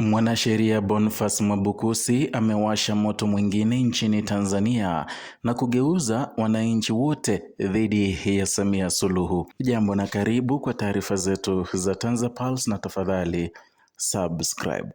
Mwanasheria Boniface Mwabukusi amewasha moto mwingine nchini Tanzania na kugeuza wananchi wote dhidi ya Samia Suluhu. Jambo na karibu kwa taarifa zetu za TanzaPulse na tafadhali subscribe.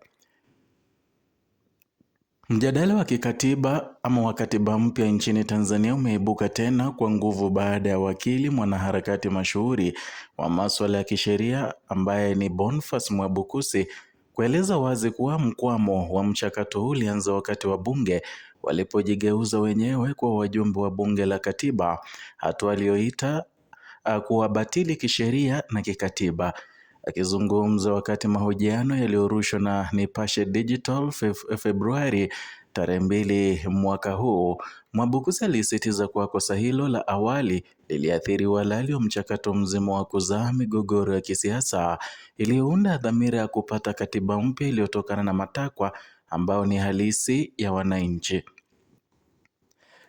Mjadala wa kikatiba ama wa katiba mpya nchini Tanzania umeibuka tena kwa nguvu baada ya wakili mwanaharakati mashuhuri wa masuala ya kisheria ambaye ni Boniface Mwabukusi kueleza wazi kuwa mkwamo wa mchakato huu ulianza wakati wa bunge walipojigeuza wenyewe kwa wajumbe wa bunge la katiba, hatua aliyoita kuwabatili kisheria na kikatiba. Akizungumza wakati mahojiano yaliyorushwa na Nipashe Digital Februari Tarehe mbili mwaka huu, Mwabukusi alisisitiza kuwa kosa hilo la awali liliathiri uhalali wa mchakato mzima wa kuzaa migogoro ya kisiasa iliyounda dhamira ya kupata katiba mpya iliyotokana na matakwa ambayo ni halisi ya wananchi.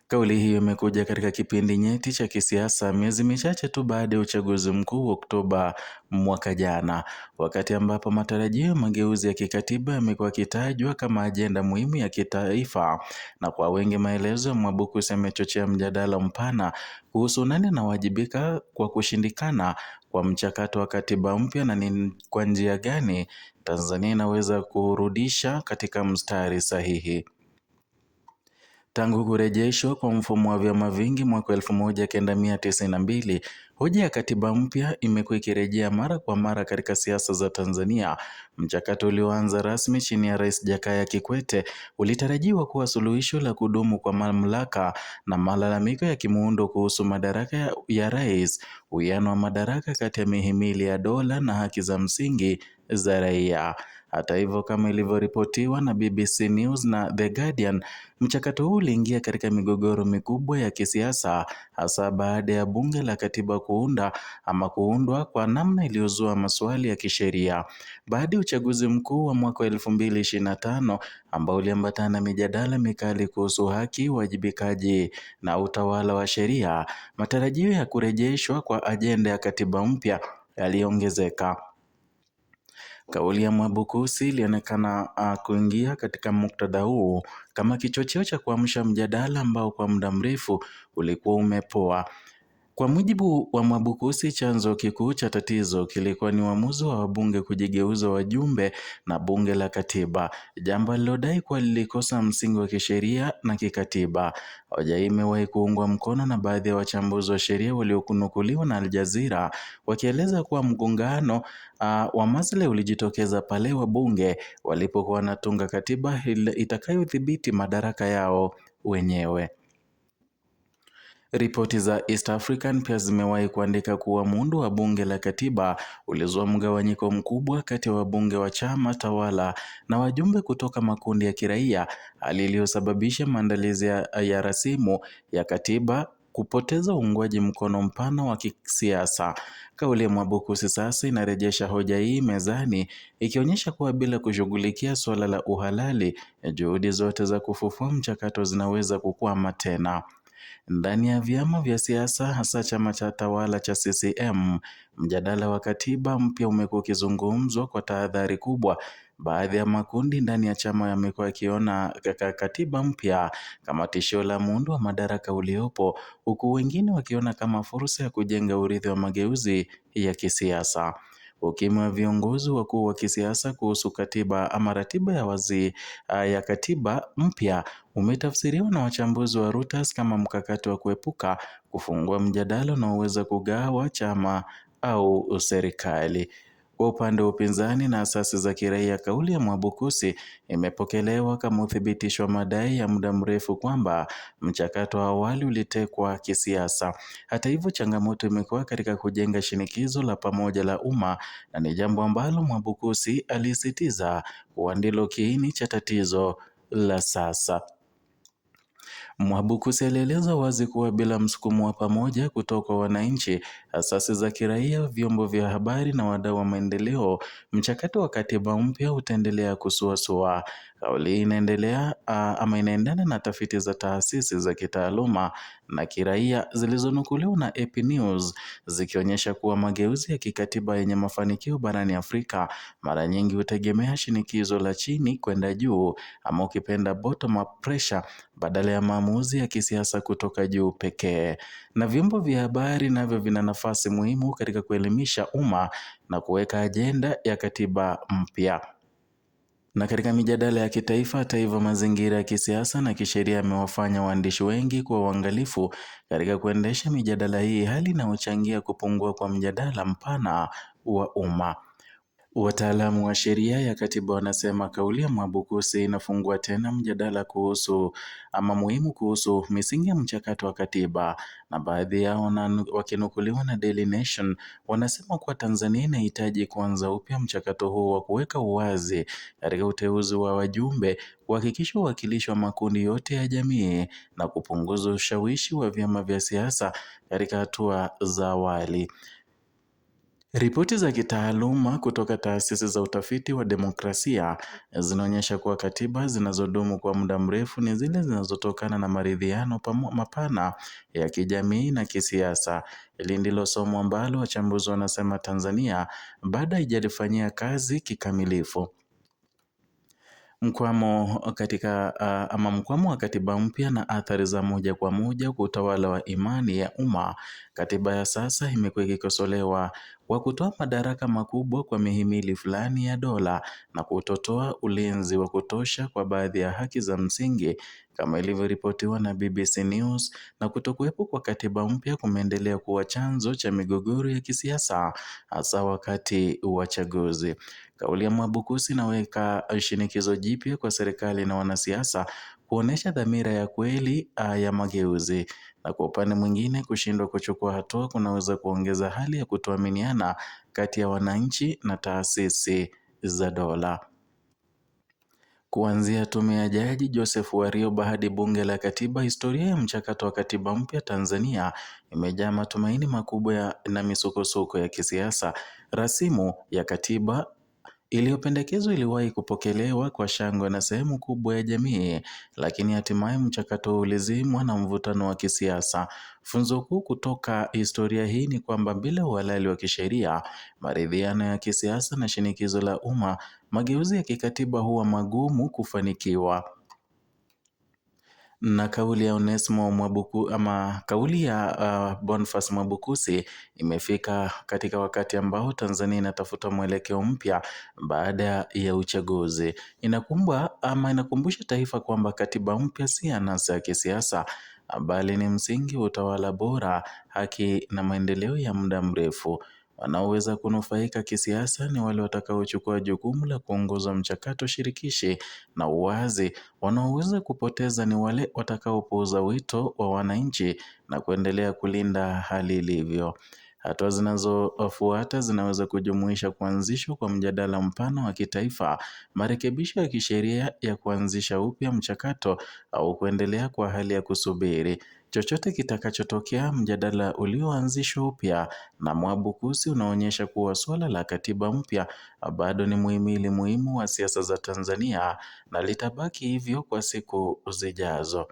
Kauli hiyo imekuja katika kipindi nyeti cha kisiasa miezi michache tu baada ya uchaguzi mkuu wa Oktoba mwaka jana, wakati ambapo matarajio ya mageuzi ya kikatiba yamekuwa yakitajwa kama ajenda muhimu ya kitaifa, na kwa wengi maelezo ya Mwabukusi yamechochea mjadala mpana kuhusu nani anawajibika kwa kushindikana kwa mchakato wa katiba mpya na ni kwa njia gani Tanzania inaweza kurudisha katika mstari sahihi. Tangu kurejeshwa kwa mfumo wa vyama vingi mwaka elfu moja kenda mia mbili hoja ya katiba mpya imekuwa ikirejea mara kwa mara katika siasa za Tanzania. Mchakato ulioanza rasmi chini ya Rais Jakaya Kikwete ulitarajiwa kuwa suluhisho la kudumu kwa mamlaka na malalamiko ya kimuundo kuhusu madaraka ya rais, uwiano wa madaraka kati ya mihimili ya dola na haki za msingi za raia. Hata hivyo, kama ilivyoripotiwa na BBC News na The Guardian, mchakato huu uliingia katika migogoro mikubwa ya kisiasa, hasa baada ya bunge la katiba kuunda ama kuundwa kwa namna iliyozua maswali ya kisheria baada ya uchaguzi mkuu wa mwaka wa elfu mbili ishirini na tano ambao uliambatana na mijadala mikali kuhusu haki, uwajibikaji na utawala wa sheria. Matarajio ya kurejeshwa kwa ajenda ya katiba mpya yaliongezeka. Kauli ya Mwabukusi ilionekana uh, kuingia katika muktadha huu kama kichocheo cha kuamsha mjadala ambao kwa muda mrefu ulikuwa umepoa. Kwa mujibu wa Mwabukusi, chanzo kikuu cha tatizo kilikuwa ni uamuzi wa wabunge kujigeuza wajumbe na bunge la katiba, jambo lilodai kuwa lilikosa msingi wa kisheria na kikatiba. Hoja hii imewahi kuungwa mkono na baadhi ya wachambuzi wa sheria waliokunukuliwa na Al Jazeera wakieleza kuwa mgongano uh, wa masle ulijitokeza pale wabunge walipokuwa wanatunga katiba itakayodhibiti madaraka yao wenyewe. Ripoti za East African pia zimewahi kuandika kuwa muundo wa bunge la katiba ulizua mgawanyiko mkubwa kati ya wabunge wa chama tawala na wajumbe kutoka makundi ya kiraia, hali iliyosababisha maandalizi ya, ya rasimu ya katiba kupoteza uungwaji mkono mpana wa kisiasa. Kauli ya Mwabukusi sasa inarejesha hoja hii mezani, ikionyesha kuwa bila kushughulikia suala la uhalali, juhudi zote za kufufua mchakato zinaweza kukwama tena. Ndani ya vyama vya siasa hasa chama cha tawala cha CCM, mjadala wa katiba mpya umekuwa ukizungumzwa kwa tahadhari kubwa. Baadhi ya makundi ndani ya chama yamekuwa yakiona katiba mpya kama tishio la muundo wa madaraka uliopo, huku wengine wakiona kama fursa ya kujenga urithi wa mageuzi ya kisiasa ukimya wa viongozi wakuu wa kisiasa kuhusu katiba ama ratiba ya wazi ah, ya katiba mpya umetafsiriwa na wachambuzi wa Reuters kama mkakati wa kuepuka kufungua mjadala unaoweza kugawa chama au serikali. Kwa upande wa upinzani na asasi za kiraia, kauli ya Mwabukusi imepokelewa kama uthibitisho wa madai ya muda mrefu kwamba mchakato wa awali ulitekwa kisiasa. Hata hivyo, changamoto imekuwa katika kujenga shinikizo la pamoja la umma, na ni jambo ambalo Mwabukusi alisisitiza kuwa ndilo kiini cha tatizo la sasa. Mwabukusi alieleza wazi kuwa bila msukumo wa pamoja kutoka wananchi, asasi za kiraia, vyombo vya habari na wadau wa maendeleo, mchakato wa katiba mpya utaendelea kusuasua. Kauli inaendelea ama inaendana na tafiti za taasisi za kitaaluma na kiraia zilizonukuliwa na AP News zikionyesha kuwa mageuzi ya kikatiba yenye mafanikio barani Afrika mara nyingi hutegemea shinikizo la chini kwenda juu ama ukipenda bottom up pressure badala ya maamuzi ya kisiasa kutoka juu pekee. Na vyombo vya habari navyo vina nafasi muhimu katika kuelimisha umma na kuweka ajenda ya katiba mpya. Na katika mijadala ya kitaifa, hata hivyo, mazingira ya kisiasa na kisheria yamewafanya waandishi wengi kuwa uangalifu katika kuendesha mijadala hii, hali inayochangia kupungua kwa mjadala mpana wa umma. Wataalamu wa sheria ya katiba wanasema kauli ya Mwabukusi inafungua tena mjadala kuhusu ama muhimu kuhusu misingi ya mchakato wa katiba, na baadhi yao wakinukuliwa na Daily Nation wanasema kuwa Tanzania inahitaji kuanza upya mchakato huo wa kuweka uwazi katika uteuzi wa wajumbe, kuhakikisha uwakilishi wa makundi yote ya jamii na kupunguza ushawishi wa vyama vya siasa katika hatua za awali. Ripoti za kitaaluma kutoka taasisi za utafiti wa demokrasia zinaonyesha kuwa katiba zinazodumu kwa muda mrefu ni zile zinazotokana na maridhiano mapana ya kijamii na kisiasa. Hili ndilo somo ambalo wachambuzi wanasema Tanzania bado haijalifanyia kazi kikamilifu. Mkwamo katika uh, ama mkwamo wa katiba mpya na athari za moja kwa moja kwa utawala wa imani ya umma. Katiba ya sasa imekuwa ikikosolewa wa kutoa madaraka makubwa kwa mihimili fulani ya dola na kutotoa ulinzi wa kutosha kwa baadhi ya haki za msingi kama ilivyoripotiwa na BBC News na kutokuwepo kwa katiba mpya kumeendelea kuwa chanzo cha migogoro ya kisiasa hasa wakati wa chaguzi. Kauli ya Mwabukusi inaweka shinikizo jipya kwa serikali na wanasiasa kuonesha dhamira ya kweli ah, ya mageuzi na kwa upande mwingine kushindwa kuchukua hatua kunaweza kuongeza hali ya kutoaminiana kati ya wananchi na taasisi za dola. Kuanzia tume ya Jaji Joseph Warioba hadi Bunge la Katiba, historia ya mchakato wa katiba mpya Tanzania imejaa matumaini makubwa na misukosuko ya kisiasa. Rasimu ya katiba iliyopendekezwa iliwahi kupokelewa kwa shangwe na sehemu kubwa ya jamii, lakini hatimaye mchakato ulizimwa na mvutano wa kisiasa. Funzo kuu kutoka historia hii ni kwamba bila uhalali wa kisheria, maridhiano ya kisiasa na shinikizo la umma, mageuzi ya kikatiba huwa magumu kufanikiwa. Na kauli ya Onesmo Mwabuku ama kauli ya uh, Boniface Mwabukusi imefika katika wakati ambao Tanzania inatafuta mwelekeo mpya baada ya uchaguzi. Inakumbwa ama inakumbusha taifa kwamba katiba mpya si anasa ya kisiasa bali ni msingi wa utawala bora, haki na maendeleo ya muda mrefu. Wanaoweza kunufaika kisiasa ni wale watakaochukua jukumu la kuongoza mchakato shirikishi na uwazi. Wanaoweza kupoteza ni wale watakaopuuza wito wa wananchi na kuendelea kulinda hali ilivyo. Hatua zinazofuata zinaweza kujumuisha kuanzishwa kwa mjadala mpana wa kitaifa, marekebisho ya kisheria ya kuanzisha upya mchakato au kuendelea kwa hali ya kusubiri. Chochote kitakachotokea, mjadala ulioanzishwa upya na mwabukusi unaonyesha kuwa suala la katiba mpya bado ni muhimili muhimu wa siasa za Tanzania na litabaki hivyo kwa siku zijazo.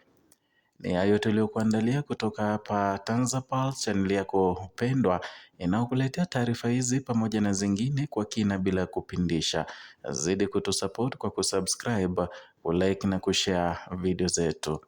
Ni hayo tuliokuandalia kutoka hapa TanzaPal, channel yako pendwa inayokuletea taarifa hizi pamoja na zingine kwa kina bila kupindisha. Zidi kutusupport kwa kusubscribe, kulike na kushare video zetu.